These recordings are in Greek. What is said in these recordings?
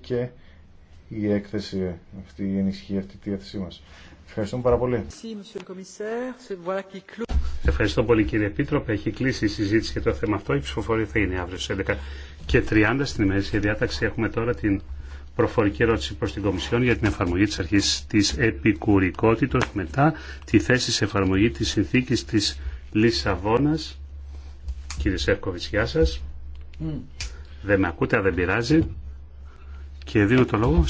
και η έκθεση αυτή ενισχύει αυτή τη διάθεσή μας. ευχαριστώ πάρα πολύ. Ευχαριστώ πολύ κύριε Επίτροπε. Έχει κλείσει η συζήτηση για το θέμα αυτό. Η ψηφοφορία θα είναι αύριο στις 11 και 30 στην ημερήσια διάταξη. Έχουμε τώρα την προφορική ερώτηση προς την Κομισιόν για την εφαρμογή της αρχής της επικουρικότητος μετά τη θέση σε εφαρμογή της συνθήκης της Λισαβόνας. Κύριε Σεύκοβιτ, γεια σας. Mm. Δεν με ακούτε, δεν πειράζει. Και δίνω το λόγο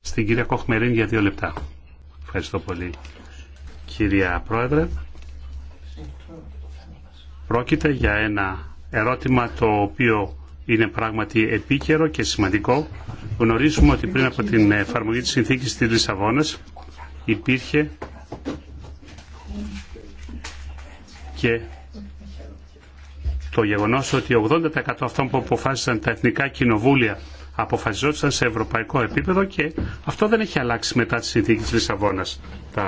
στην κυρία Κοχμερίν για δύο λεπτά. Ευχαριστώ πολύ. Κυρία Πρόεδρε, πρόκειται για ένα ερώτημα το οποίο είναι πράγματι επίκαιρο και σημαντικό. Γνωρίζουμε ότι πριν από την εφαρμογή της συνθήκης της Λισαβόνας υπήρχε και το γεγονός ότι 80% αυτών που αποφάσισαν τα εθνικά κοινοβούλια αποφασιζόντουσαν σε ευρωπαϊκό επίπεδο και αυτό δεν έχει αλλάξει μετά τη συνθήκη της Λισαβόνας. Τα,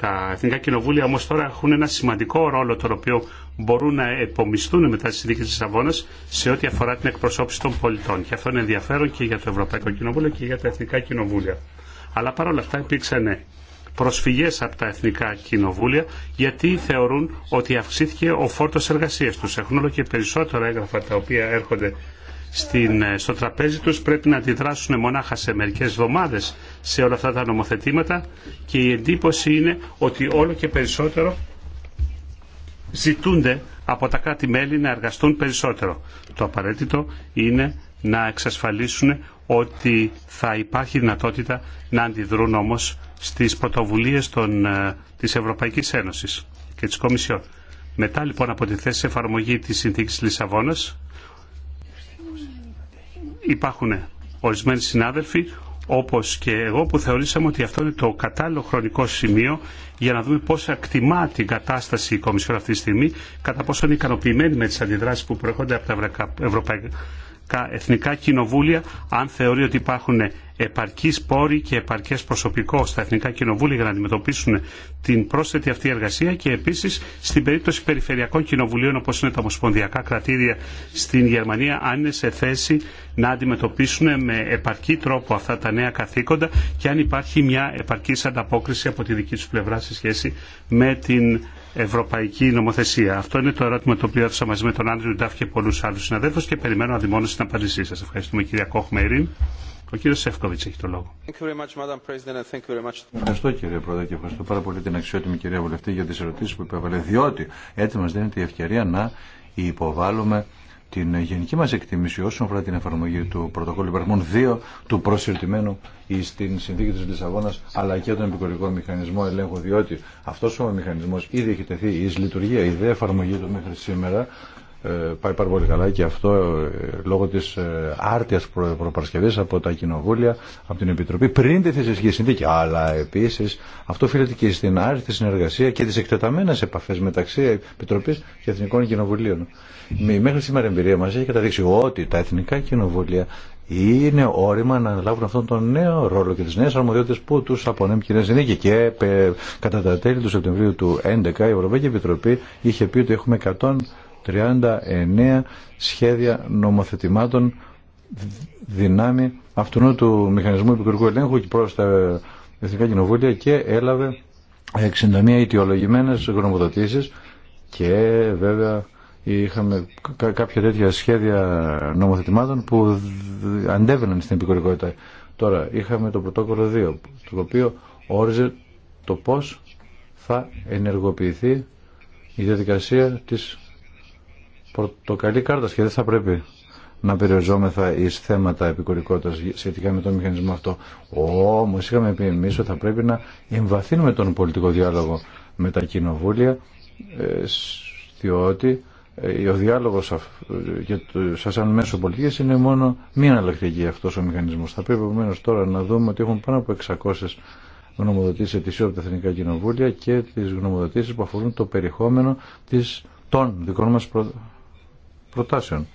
τα εθνικά κοινοβούλια όμως τώρα έχουν ένα σημαντικό ρόλο τον οποίο μπορούν να επομιστούν μετά τη συνθήκη της Λισαβόνας σε ό,τι αφορά την εκπροσώπηση των πολιτών. Και αυτό είναι ενδιαφέρον και για το Ευρωπαϊκό Κοινοβούλιο και για τα εθνικά κοινοβούλια. Αλλά παρόλα αυτά υπήρξαν προσφυγές από τα εθνικά κοινοβούλια γιατί θεωρούν ότι αυξήθηκε ο φόρτος εργασίας τους. Έχουν όλο και περισσότερα έγγραφα τα οποία έρχονται στην, ε, στο τραπέζι τους πρέπει να αντιδράσουν μονάχα σε μερικές εβδομάδες σε όλα αυτά τα νομοθετήματα και η εντύπωση είναι ότι όλο και περισσότερο ζητούνται από τα κράτη-μέλη να εργαστούν περισσότερο. Το απαραίτητο είναι να εξασφαλίσουν ότι θα υπάρχει δυνατότητα να αντιδρούν όμως στις πρωτοβουλίες των, ε, της Ευρωπαϊκής Ένωσης και της Κομισιόν. Μετά λοιπόν από τη θέση εφαρμογή της συνθήκης Λισαβόνας υπάρχουν ορισμένοι συνάδελφοι όπως και εγώ που θεωρήσαμε ότι αυτό είναι το κατάλληλο χρονικό σημείο για να δούμε πώς ακτιμά την κατάσταση η Κομισιόν αυτή τη στιγμή, κατά πόσο είναι ικανοποιημένη με τις αντιδράσεις που προέρχονται από τα ευρωπαϊκά εθνικά κοινοβούλια, αν θεωρεί ότι υπάρχουν επαρκή πόρη και επαρκέ προσωπικό στα Εθνικά Κοινοβούλια για να αντιμετωπίσουν την πρόσθετη αυτή εργασία και επίση στην περίπτωση περιφερειακών κοινοβουλίων όπω είναι τα Ομοσπονδιακά κρατήρια στην Γερμανία, αν είναι σε θέση να αντιμετωπίσουν με επαρκή τρόπο αυτά τα νέα καθήκοντα και αν υπάρχει μια επαρκή ανταπόκριση από τη δική του πλευρά σε σχέση με την ευρωπαϊκή νομοθεσία. Αυτό είναι το ερώτημα το οποίο έδωσα μαζί με τον Άντριου Ντάφ και πολλού άλλου συναδέλφου και περιμένω αδειμόνω την απάντησή σα. Ευχαριστούμε κυρία Κόχμερη. Ο κύριο Σεύκοβιτ έχει το λόγο. Ευχαριστώ κύριε Πρόεδρε και ευχαριστώ πάρα πολύ την αξιότιμη κυρία Βουλευτή για τι ερωτήσει που υπέβαλε. Διότι έτσι μα δίνεται η ευκαιρία να υποβάλουμε την γενική μα εκτίμηση όσον αφορά την εφαρμογή του πρωτοκόλλου υπαρχμών 2 του προσυρτημένου στην συνθήκη τη Λισαβόνα αλλά και τον επικορικό μηχανισμό ελέγχου. Διότι αυτό ο μηχανισμό ήδη έχει τεθεί ει λειτουργία, η δε εφαρμογή του μέχρι σήμερα ε, πάει πάρα πολύ καλά και αυτό ε, λόγω τη ε, άρτιας προ, από τα κοινοβούλια, από την Επιτροπή πριν τη θέση συνθήκη. Αλλά επίση αυτό οφείλεται και στην άρρητη συνεργασία και τι εκτεταμένε επαφέ μεταξύ Επιτροπή και Εθνικών Κοινοβουλίων. Μέχρι σήμερα η εμπειρία μα έχει καταδείξει ότι τα Εθνικά Κοινοβούλια είναι όριμα να λάβουν αυτόν τον νέο ρόλο και τι νέε αρμοδιότητε που του απονέμει κυρία Συνήκη. Και κατά τα τέλη του Σεπτεμβρίου του 2011 η Ευρωπαϊκή Επιτροπή είχε πει ότι έχουμε 100 39 σχέδια νομοθετημάτων δυνάμει αυτού του μηχανισμού επικουρικού ελέγχου και προς τα Εθνικά Κοινοβούλια και έλαβε 61 αιτιολογημένες γνωμοδοτήσεις και βέβαια είχαμε κάποια τέτοια σχέδια νομοθετημάτων που αντέβαιναν στην επικουρικότητα. Τώρα είχαμε το πρωτόκολλο 2, το οποίο όριζε το πώς θα ενεργοποιηθεί η διαδικασία της πορτοκαλί κάρτα και δεν θα πρέπει να περιοριζόμεθα ει θέματα επικουρικότητα σχετικά με τον μηχανισμό αυτό. Όμω είχαμε πει εμεί ότι θα πρέπει να εμβαθύνουμε τον πολιτικό διάλογο με τα κοινοβούλια ε, διότι ε, ο διάλογο ε, για σαν μέσο πολιτικής είναι μόνο μία εναλλακτική αυτό ο μηχανισμό. Θα πρέπει επομένω τώρα να δούμε ότι έχουν πάνω από 600 γνωμοδοτήσεις ετησίου από τα Εθνικά Κοινοβούλια και τις γνωμοδοτήσεις που αφορούν το περιεχόμενο της, των δικών μας προτάσεων.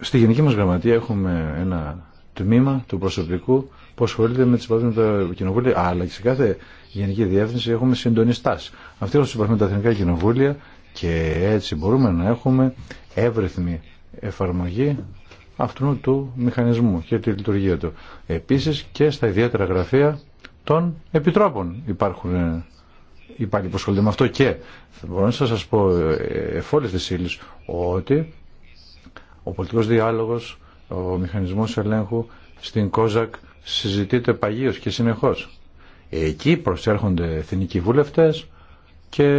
Στη Γενική μας Γραμματεία έχουμε ένα τμήμα του προσωπικού που ασχολείται με τις επαφές με τα κοινοβούλια, αλλά και σε κάθε Γενική Διεύθυνση έχουμε συντονιστάς. Αυτή έχουν συμπαθεί με τα Εθνικά Κοινοβούλια και έτσι μπορούμε να έχουμε εύρυθμη εφαρμογή αυτού του μηχανισμού και τη λειτουργία του. Επίσης και στα ιδιαίτερα γραφεία των επιτρόπων υπάρχουν υπάρχει που ασχολούνται με αυτό και θα μπορώ να σας πω ε, εφόλες της ύλης ότι ο πολιτικός διάλογος, ο μηχανισμός ελέγχου στην ΚΟΖΑΚ συζητείται παγίως και συνεχώς. Εκεί προσέρχονται εθνικοί βουλευτές και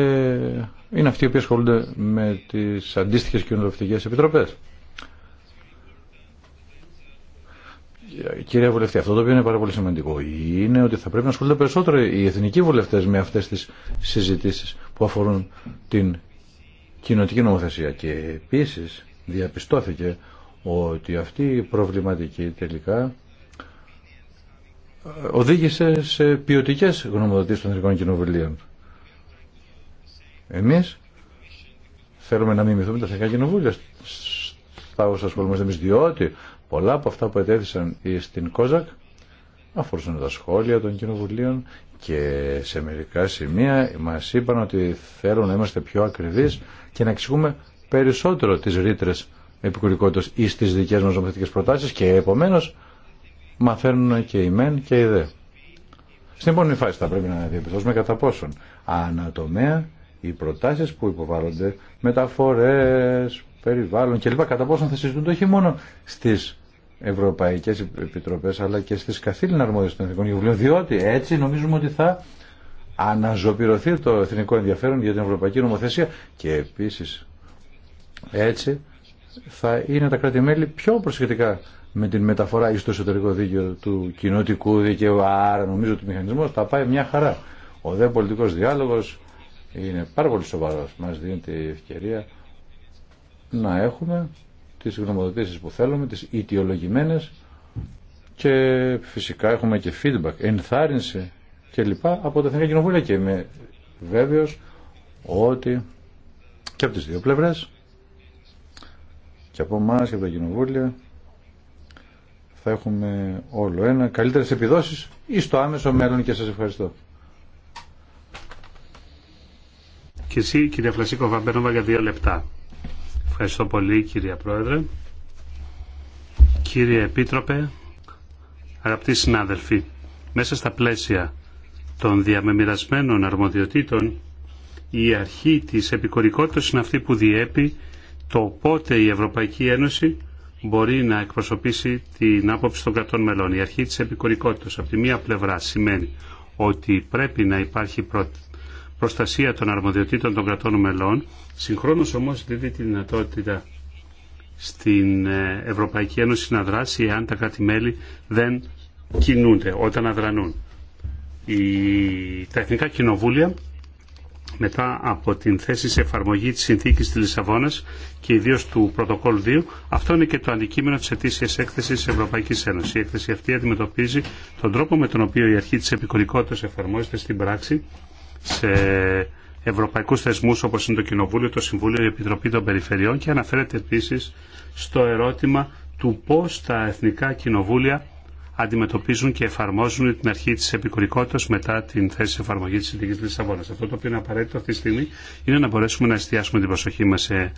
είναι αυτοί οι οποίοι ασχολούνται με τις αντίστοιχες κοινοβουλευτικές επιτροπές. Κύριε Βουλευτή, αυτό το οποίο είναι πάρα πολύ σημαντικό είναι ότι θα πρέπει να ασχολούνται περισσότερο οι εθνικοί βουλευτέ με αυτέ τι συζητήσει που αφορούν την κοινωτική νομοθεσία. Και επίση διαπιστώθηκε ότι αυτή η προβληματική τελικά ε, οδήγησε σε ποιοτικέ γνωμοδοτήσει των εθνικών κοινοβουλίων. Εμεί θέλουμε να μιμηθούμε τα εθνικά κοινοβούλια στα όσα ασχολούμαστε εμεί, διότι Πολλά από αυτά που ετέθησαν στην Κόζακ αφορούσαν τα σχόλια των κοινοβουλίων και σε μερικά σημεία μας είπαν ότι θέλουν να είμαστε πιο ακριβείς και να εξηγούμε περισσότερο τις ρήτρες επικουρικότητας ή στι δικές μας νομοθετικές προτάσεις και επομένως μαθαίνουν και οι μεν και οι δε. Στην επόμενη φάση θα πρέπει να διαπιστώσουμε κατά πόσον ανατομέα οι προτάσεις που υποβάλλονται, μεταφορές, περιβάλλον κλπ. κατά πόσον θα συζητούνται όχι μόνο στις Ευρωπαϊκέ επιτροπέ, αλλά και στι καθήλυνα αρμόδιε των εθνικών κοινοβουλίων διότι έτσι νομίζουμε ότι θα αναζωοποιηθεί το εθνικό ενδιαφέρον για την ευρωπαϊκή νομοθεσία και επίση έτσι θα είναι τα κράτη-μέλη πιο προσεκτικά με την μεταφορά εις το εσωτερικό δίκαιο του κοινωτικού δικαίου άρα νομίζω ότι ο μηχανισμός θα πάει μια χαρά ο δε πολιτικό Διάλογο είναι πάρα πολύ σοβαρό, μα δίνει τη ευκαιρία να έχουμε τις γνωμοδοτήσεις που θέλουμε, τις ιτιολογημένες και φυσικά έχουμε και feedback, ενθάρρυνση και λοιπά από τα Εθνικά Κοινοβούλια και είμαι βέβαιος ότι και από τις δύο πλευρές και από εμά και από τα Κοινοβούλια θα έχουμε όλο ένα καλύτερες επιδόσεις ή στο άμεσο μέλλον και σας ευχαριστώ. Και εσύ κυρία Φλασίκο μπαίνουμε για δύο λεπτά. Ευχαριστώ πολύ κύριε Πρόεδρε. Κύριε Επίτροπε, αγαπητοί συνάδελφοι, μέσα στα πλαίσια των διαμεμοιρασμένων αρμοδιοτήτων η αρχή της επικορικότητας είναι αυτή που διέπει το πότε η Ευρωπαϊκή Ένωση μπορεί να εκπροσωπήσει την άποψη των κρατών μελών. Η αρχή της επικορικότητας από τη μία πλευρά σημαίνει ότι πρέπει να υπάρχει προστασία των αρμοδιοτήτων των κρατών μελών. Συγχρόνως όμως δίδει τη δυνατότητα στην ε, Ευρωπαϊκή Ένωση να δράσει εάν τα κράτη-μέλη δεν κινούνται όταν αδρανούν. Η... Τα εθνικά κοινοβούλια μετά από την θέση σε εφαρμογή της συνθήκης της Λισαβόνας και ιδίω του πρωτοκόλου 2, αυτό είναι και το αντικείμενο της ετήσιας έκθεσης της Ευρωπαϊκής Ένωσης. Η έκθεση αυτή αντιμετωπίζει τον τρόπο με τον οποίο η αρχή της επικουρικότητας εφαρμόζεται στην πράξη σε ευρωπαϊκούς θεσμούς όπως είναι το Κοινοβούλιο, το Συμβούλιο, η Επιτροπή των Περιφερειών και αναφέρεται επίσης στο ερώτημα του πώς τα εθνικά κοινοβούλια αντιμετωπίζουν και εφαρμόζουν την αρχή της επικουρικότητας μετά την θέση εφαρμογή τη Συνδικής Λισαβόνα. Αυτό το οποίο είναι απαραίτητο αυτή τη στιγμή είναι να μπορέσουμε να εστιάσουμε την προσοχή μας σε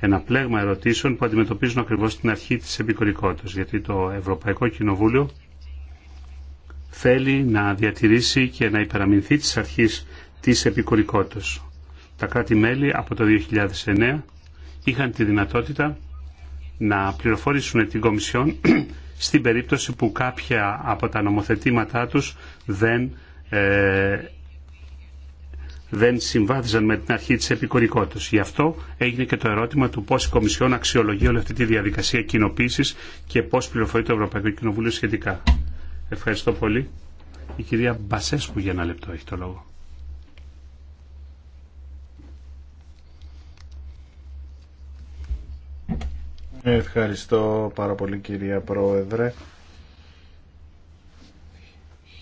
ένα πλέγμα ερωτήσεων που αντιμετωπίζουν ακριβώ την αρχή τη επικουρικότητας. Γιατί το Ευρωπαϊκό Κοινοβούλιο θέλει να διατηρήσει και να υπεραμεινθεί τη αρχή της επικουρικότητας. Τα κράτη-μέλη από το 2009 είχαν τη δυνατότητα να πληροφορήσουν την Κομισιόν στην περίπτωση που κάποια από τα νομοθετήματά τους δεν, ε, δεν συμβάδιζαν με την αρχή της επικουρικότητας. Γι' αυτό έγινε και το ερώτημα του πώς η Κομισιόν αξιολογεί όλη αυτή τη διαδικασία κοινοποίηση και πώς πληροφορεί το Ευρωπαϊκό Κοινοβούλιο σχετικά. Ευχαριστώ πολύ. Η κυρία Μπασέσκου για ένα λεπτό έχει το λόγο. Ευχαριστώ πάρα πολύ κυρία Πρόεδρε.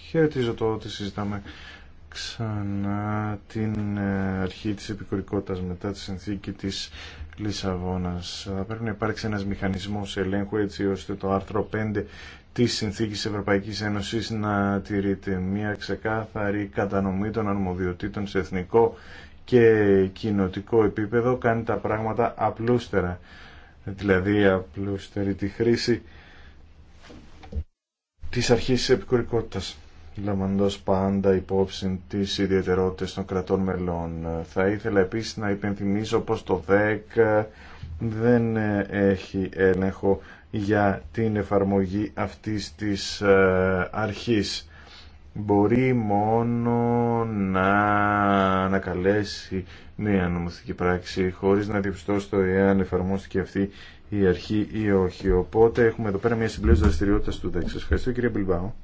Χαιρετίζω το ότι συζητάμε ξανά την ε, αρχή της επικουρικότητας μετά τη συνθήκη της Λισαβόνας. Θα πρέπει να υπάρξει ένας μηχανισμός ελέγχου έτσι ώστε το άρθρο 5 της Συνθήκης Ευρωπαϊκής Ένωσης να τηρείται μια ξεκάθαρη κατανομή των αρμοδιοτήτων σε εθνικό και κοινοτικό επίπεδο κάνει τα πράγματα απλούστερα δηλαδή απλούστερη τη χρήση της αρχής της επικουρικότητας λαμβάνοντας πάντα υπόψη τις ιδιαιτερότητες των κρατών μελών. Θα ήθελα επίσης να υπενθυμίσω πως το ΔΕΚ δεν έχει έλεγχο για την εφαρμογή αυτής της ε, αρχής μπορεί μόνο να ανακαλέσει μία νομοθετική πράξη χωρίς να διαπιστώσει το εάν εφαρμόστηκε αυτή η αρχή ή όχι. Οπότε έχουμε εδώ πέρα μια συμπλήρωση δραστηριότητα του ΔΕΚ. Σας ευχαριστώ κύριε Μπιλμπάου.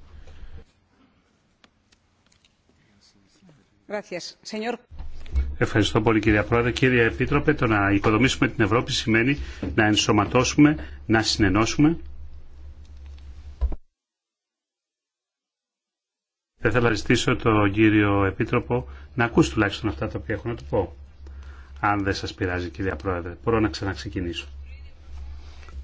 Ευχαριστώ πολύ κύριε Πρόεδρε. Κύριε Επίτροπε, το να οικοδομήσουμε την Ευρώπη σημαίνει να ενσωματώσουμε, να συνενώσουμε Θα ήθελα να ζητήσω τον κύριο Επίτροπο να ακούσει τουλάχιστον αυτά τα οποία έχω να του πω. Αν δεν σας πειράζει κυρία Πρόεδρε, μπορώ να ξαναξεκινήσω.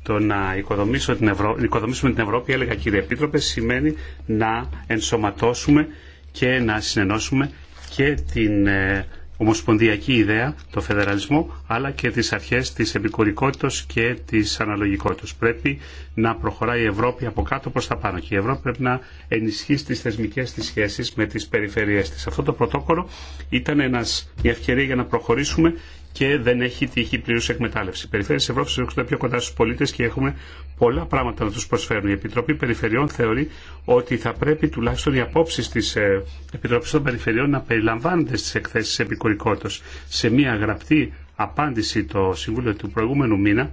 Το να οικοδομήσω την Ευρω... οικοδομήσουμε την Ευρώπη, έλεγα κύριε Επίτροπε, σημαίνει να ενσωματώσουμε και να συνενώσουμε και την ε, ομοσπονδιακή ιδέα, το φεδεραλισμό, αλλά και τις αρχές της επικουρικότητας και της αναλογικότητας. Πρέπει να προχωράει η Ευρώπη από κάτω προς τα πάνω και η Ευρώπη πρέπει να ενισχύσει τις θεσμικές της σχέσεις με τις περιφερειές της. Αυτό το πρωτόκολλο ήταν ένας, μια ευκαιρία για να προχωρήσουμε και δεν έχει τύχει πλήρου εκμετάλλευση. Οι περιφέρειε τη Ευρώπη βρίσκονται πιο κοντά στου πολίτε και έχουμε πολλά πράγματα να του προσφέρουν. Η Επιτροπή Περιφερειών θεωρεί ότι θα πρέπει τουλάχιστον οι απόψει τη ε, Επιτροπή των Περιφερειών να περιλαμβάνονται στι εκθέσει επικουρικότητα. Σε μία γραπτή απάντηση το Συμβούλιο του προηγούμενου μήνα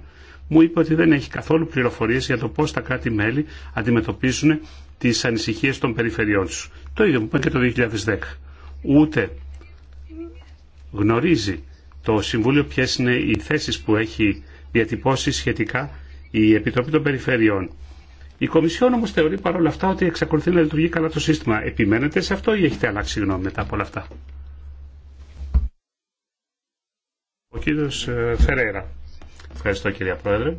μου είπε ότι δεν έχει καθόλου πληροφορίε για το πώ τα κράτη-μέλη αντιμετωπίζουν τι ανησυχίε των περιφερειών του. Το ίδιο μου και το 2010. Ούτε γνωρίζει το Συμβούλιο ποιε είναι οι θέσει που έχει διατυπώσει σχετικά η Επιτροπή των Περιφερειών. Η Κομισιόν όμω θεωρεί παρόλα αυτά ότι εξακολουθεί να λειτουργεί καλά το σύστημα. Επιμένετε σε αυτό ή έχετε αλλάξει γνώμη μετά από όλα αυτά. Ο κύριο ε, Φερέρα. Ευχαριστώ κύριε Πρόεδρε.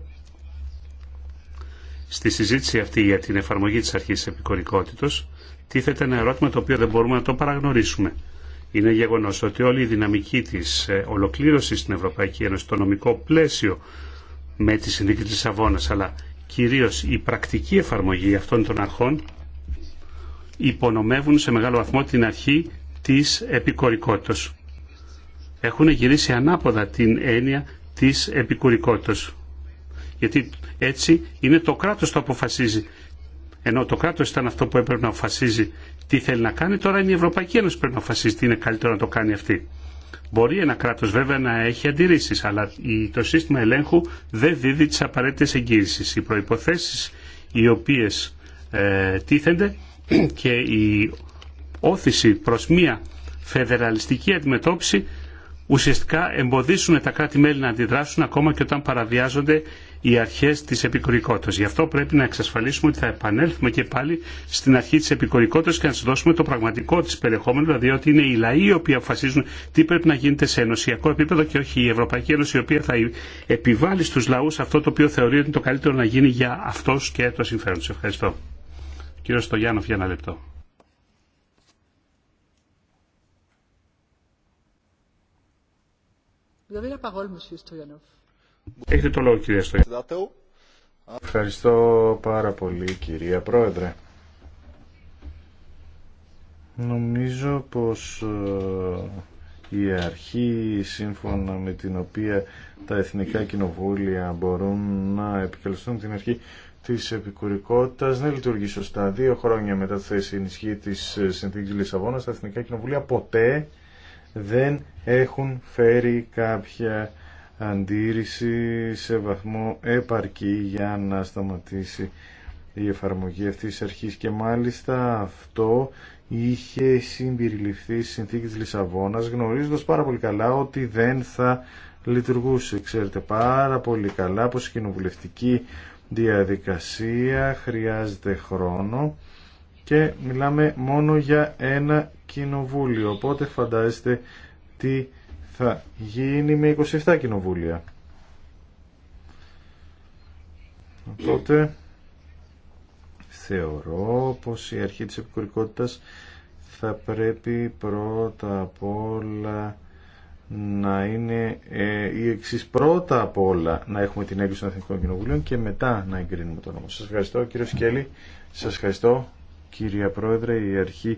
Στη συζήτηση αυτή για την εφαρμογή της αρχής επικορικότητος τίθεται ένα ερώτημα το οποίο δεν μπορούμε να το παραγνωρίσουμε. Είναι γεγονός ότι όλη η δυναμική της ε, ολοκλήρωσης στην Ευρωπαϊκή Ένωση, το νομικό πλαίσιο με τη συνδίκη της Αβώνας, αλλά κυρίως η πρακτική εφαρμογή αυτών των αρχών υπονομεύουν σε μεγάλο βαθμό την αρχή της επικορικότητας. Έχουν γυρίσει ανάποδα την έννοια της επικουρικότητα. Γιατί έτσι είναι το κράτος το αποφασίζει ενώ το κράτο ήταν αυτό που έπρεπε να αποφασίζει τι θέλει να κάνει, τώρα είναι η Ευρωπαϊκή Ένωση που πρέπει να αποφασίζει τι είναι καλύτερο να το κάνει αυτή. Μπορεί ένα κράτο βέβαια να έχει αντιρρήσει, αλλά το σύστημα ελέγχου δεν δίδει τι απαραίτητε εγγύησει. Οι προποθέσει οι οποίε ε, τίθενται και η όθηση προ μία φεδεραλιστική αντιμετώπιση ουσιαστικά εμποδίσουν τα κράτη-μέλη να αντιδράσουν ακόμα και όταν παραβιάζονται οι αρχές της επικουρικότητας. Γι' αυτό πρέπει να εξασφαλίσουμε ότι θα επανέλθουμε και πάλι στην αρχή της επικουρικότητας και να σα δώσουμε το πραγματικό της περιεχόμενο, δηλαδή ότι είναι οι λαοί οι οποίοι αποφασίζουν τι πρέπει να γίνεται σε ενωσιακό επίπεδο και όχι η Ευρωπαϊκή Ένωση η οποία θα επιβάλλει στους λαούς αυτό το οποίο θεωρεί ότι είναι το καλύτερο να γίνει για αυτός και το συμφέρον τους. Ευχαριστώ. Κύριο Στογιάννοφ για ένα λεπτό. Monsieur Έχετε το λόγο κυρία Ευχαριστώ πάρα πολύ κυρία Πρόεδρε. Νομίζω πως ε, η αρχή σύμφωνα με την οποία τα εθνικά κοινοβούλια μπορούν να επικαλεστούν την αρχή της επικουρικότητας δεν λειτουργεί σωστά. Δύο χρόνια μετά τη θέση ενισχύ της ε, συνθήκης Λισαβόνας τα εθνικά κοινοβούλια ποτέ δεν έχουν φέρει κάποια αντίρρηση σε βαθμό επαρκή για να σταματήσει η εφαρμογή αυτής της αρχής και μάλιστα αυτό είχε συμπεριληφθεί στη συνθήκη της Λισαβόνας γνωρίζοντας πάρα πολύ καλά ότι δεν θα λειτουργούσε. Ξέρετε πάρα πολύ καλά πως η κοινοβουλευτική διαδικασία χρειάζεται χρόνο και μιλάμε μόνο για ένα κοινοβούλιο. Οπότε φαντάζεστε τι θα γίνει με 27 κοινοβούλια. Οπότε θεωρώ πως η αρχή της επικουρικότητας θα πρέπει πρώτα απ' όλα να είναι ε, η εξή πρώτα απ' όλα να έχουμε την έγκριση των Εθνικών Κοινοβουλίων και μετά να εγκρίνουμε το νόμο. Σας ευχαριστώ κύριο Σκέλη, σας ευχαριστώ κυρία Πρόεδρε, η αρχή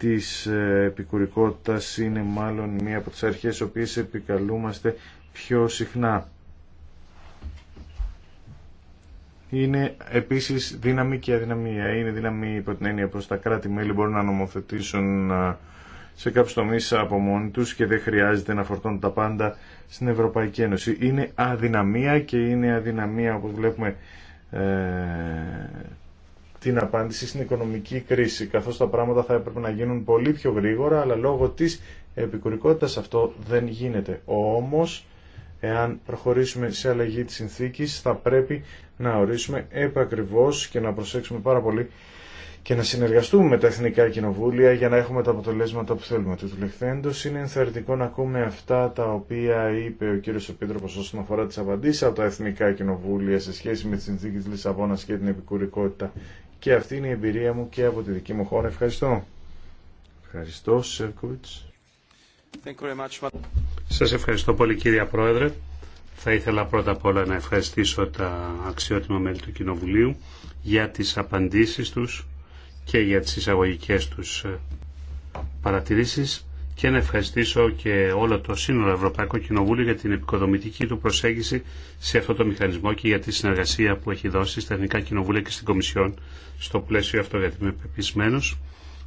της ε, επικουρικότητας είναι μάλλον μία από τις αρχές οποίες επικαλούμαστε πιο συχνά. Είναι επίσης δύναμη και αδυναμία. Είναι δύναμη υπό την έννοια πως τα κράτη-μέλη μπορούν να νομοθετήσουν ε, σε κάποιους τομείς από μόνοι τους και δεν χρειάζεται να φορτώνουν τα πάντα στην Ευρωπαϊκή Ένωση. Είναι αδυναμία και είναι αδυναμία όπως βλέπουμε ε, την απάντηση στην οικονομική κρίση, καθώς τα πράγματα θα έπρεπε να γίνουν πολύ πιο γρήγορα, αλλά λόγω της επικουρικότητας αυτό δεν γίνεται. Όμως, εάν προχωρήσουμε σε αλλαγή της συνθήκης, θα πρέπει να ορίσουμε επακριβώς και να προσέξουμε πάρα πολύ και να συνεργαστούμε με τα εθνικά κοινοβούλια για να έχουμε τα αποτελέσματα που θέλουμε. Του τουλεχθέντο είναι ενθαρρυντικό να ακούμε αυτά τα οποία είπε ο κύριο Επίτροπο όσον αφορά τι απαντήσει από τα εθνικά κοινοβούλια σε σχέση με τη συνθήκη τη Λισαβόνα και την επικουρικότητα και αυτή είναι η εμπειρία μου και από τη δική μου χώρα. Ευχαριστώ. Ευχαριστώ, Σεύκοβιτς. Σας ευχαριστώ πολύ κύριε Πρόεδρε. Θα ήθελα πρώτα απ' όλα να ευχαριστήσω τα αξιότιμα μέλη του Κοινοβουλίου για τις απαντήσεις τους και για τις εισαγωγικές τους ε, παρατηρήσεις και να ευχαριστήσω και όλο το σύνολο Ευρωπαϊκό Κοινοβούλιο για την επικοδομητική του προσέγγιση σε αυτό το μηχανισμό και για τη συνεργασία που έχει δώσει στα Εθνικά Κοινοβούλια και στην Κομισιόν στο πλαίσιο αυτό, γιατί είμαι πεπισμένος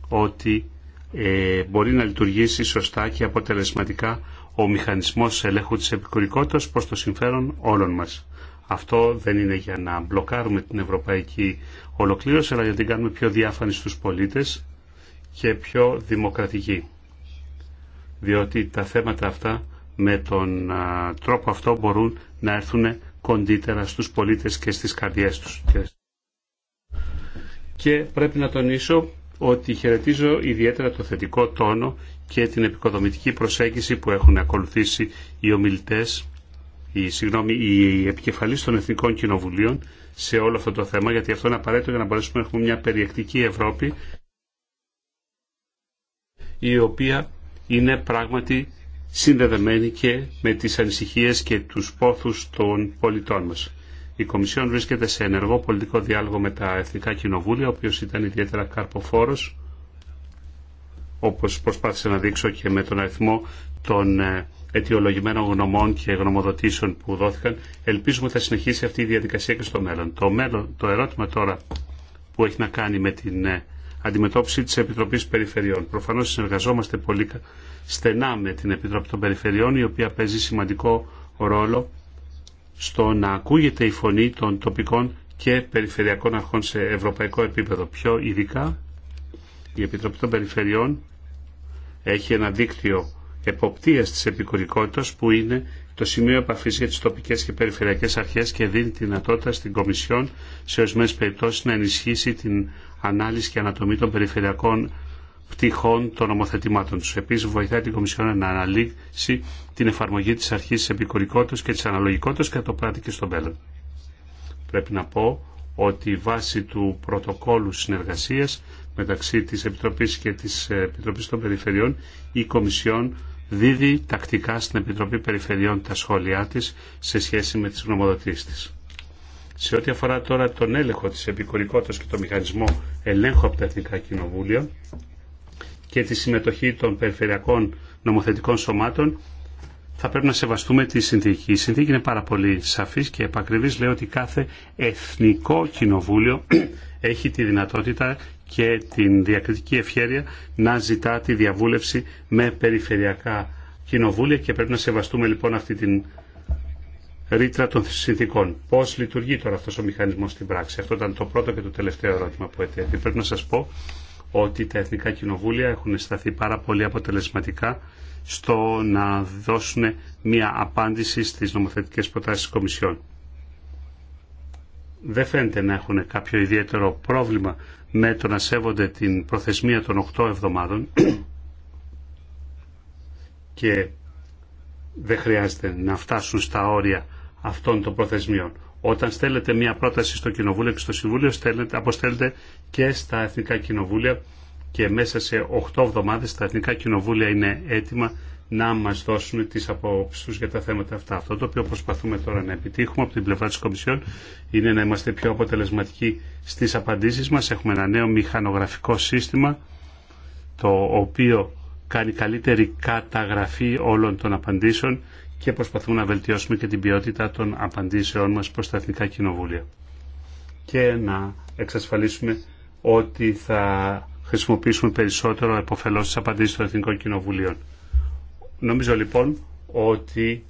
ότι ε, μπορεί να λειτουργήσει σωστά και αποτελεσματικά ο μηχανισμός ελέγχου της επικουρικότητας προς το συμφέρον όλων μας. Αυτό δεν είναι για να μπλοκάρουμε την ευρωπαϊκή ολοκλήρωση, αλλά για να την κάνουμε πιο διάφανη στους πολίτες και πιο δημοκρατική διότι τα θέματα αυτά με τον τρόπο αυτό μπορούν να έρθουν κοντύτερα στους πολίτες και στις καρδιές τους. Και πρέπει να τονίσω ότι χαιρετίζω ιδιαίτερα το θετικό τόνο και την επικοδομητική προσέγγιση που έχουν ακολουθήσει οι ομιλητές, οι, συγγνώμη, οι επικεφαλής των Εθνικών Κοινοβουλίων σε όλο αυτό το θέμα, γιατί αυτό είναι απαραίτητο για να μπορέσουμε να έχουμε μια περιεκτική Ευρώπη η οποία είναι πράγματι συνδεδεμένη και με τις ανησυχίες και τους πόθους των πολιτών μας. Η Κομισιόν βρίσκεται σε ενεργό πολιτικό διάλογο με τα Εθνικά Κοινοβούλια, ο οποίο ήταν ιδιαίτερα καρποφόρος, όπως προσπάθησε να δείξω και με τον αριθμό των ε, αιτιολογημένων γνωμών και γνωμοδοτήσεων που δόθηκαν. Ελπίζουμε θα συνεχίσει αυτή η διαδικασία και στο μέλλον. Το, μέλλον, το ερώτημα τώρα που έχει να κάνει με την ε, αντιμετώπιση της Επιτροπής Περιφερειών. Προφανώς συνεργαζόμαστε πολύ στενά με την Επιτροπή των Περιφερειών η οποία παίζει σημαντικό ρόλο στο να ακούγεται η φωνή των τοπικών και περιφερειακών αρχών σε ευρωπαϊκό επίπεδο. Πιο ειδικά η Επιτροπή των Περιφερειών έχει ένα δίκτυο εποπτείας της επικουρικότητας που είναι το σημείο επαφή για τι τοπικέ και περιφερειακέ αρχέ και δίνει τη δυνατότητα στην Κομισιόν σε ορισμένε περιπτώσει να ενισχύσει την ανάλυση και ανατομή των περιφερειακών πτυχών των νομοθετημάτων του. Επίση, βοηθάει την Κομισιόν να αναλύσει την εφαρμογή τη αρχή τη επικουρικότητα και τη αναλογικότητα και το πράττει και στο μέλλον. Πρέπει να πω ότι βάσει βάση του πρωτοκόλου συνεργασία μεταξύ τη Επιτροπή και τη Επιτροπή των Περιφερειών, η Κομισιόν δίδει τακτικά στην Επιτροπή Περιφερειών τα σχόλιά τη σε σχέση με τι γνωμοδοτήσει σε ό,τι αφορά τώρα τον έλεγχο της επικουρικότητας και τον μηχανισμό ελέγχου από τα Εθνικά Κοινοβούλια και τη συμμετοχή των περιφερειακών νομοθετικών σωμάτων, θα πρέπει να σεβαστούμε τη συνθήκη. Η συνθήκη είναι πάρα πολύ σαφής και επακριβής. Λέει ότι κάθε εθνικό κοινοβούλιο έχει τη δυνατότητα και την διακριτική ευχέρεια να ζητά τη διαβούλευση με περιφερειακά κοινοβούλια και πρέπει να σεβαστούμε λοιπόν αυτή την ρήτρα των συνθήκων. Πώ λειτουργεί τώρα αυτό ο μηχανισμό στην πράξη. Αυτό ήταν το πρώτο και το τελευταίο ερώτημα που ετέθη. Πρέπει να σα πω ότι τα Εθνικά Κοινοβούλια έχουν σταθεί πάρα πολύ αποτελεσματικά στο να δώσουν μια απάντηση στις νομοθετικές προτάσεις της Κομισιόν. Δεν φαίνεται να έχουν κάποιο ιδιαίτερο πρόβλημα με το να σέβονται την προθεσμία των 8 εβδομάδων και δεν χρειάζεται να φτάσουν στα όρια αυτών των προθεσμιών. Όταν στέλνετε μια πρόταση στο Κοινοβούλιο και στο Συμβούλιο, στέλνετε, αποστέλλετε και στα Εθνικά Κοινοβούλια και μέσα σε 8 εβδομάδες τα Εθνικά Κοινοβούλια είναι έτοιμα να μας δώσουν τις απόψεις τους για τα θέματα αυτά. Αυτό το οποίο προσπαθούμε τώρα να επιτύχουμε από την πλευρά της Κομισιόν είναι να είμαστε πιο αποτελεσματικοί στις απαντήσεις μας. Έχουμε ένα νέο μηχανογραφικό σύστημα το οποίο κάνει καλύτερη καταγραφή όλων των απαντήσεων και προσπαθούμε να βελτιώσουμε και την ποιότητα των απαντήσεών μας προς τα Εθνικά Κοινοβούλια και να εξασφαλίσουμε ότι θα χρησιμοποιήσουμε περισσότερο εποφελώς τις απαντήσεις των Εθνικών Κοινοβουλίων. Νομίζω λοιπόν ότι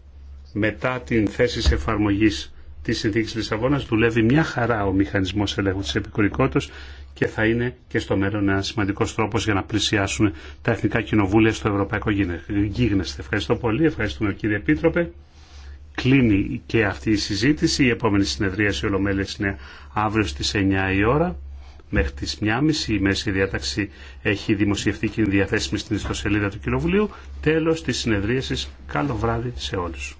μετά την θέση εφαρμογής τη συνθήκη Λισαβόνα δουλεύει μια χαρά ο μηχανισμό ελέγχου τη επικουρικότητα και θα είναι και στο μέλλον ένα σημαντικό τρόπο για να πλησιάσουν τα εθνικά κοινοβούλια στο ευρωπαϊκό γίγνεσθε. Ευχαριστώ πολύ, ευχαριστούμε κύριε Επίτροπε. Κλείνει και αυτή η συζήτηση. Η επόμενη συνεδρία σε ολομέλεια είναι αύριο στι 9 η ώρα μέχρι τις 1.30 η μέση διάταξη έχει δημοσιευτεί και είναι διαθέσιμη στην ιστοσελίδα του Κοινοβουλίου. Τέλος της συνεδρίασης. Καλό βράδυ σε όλους.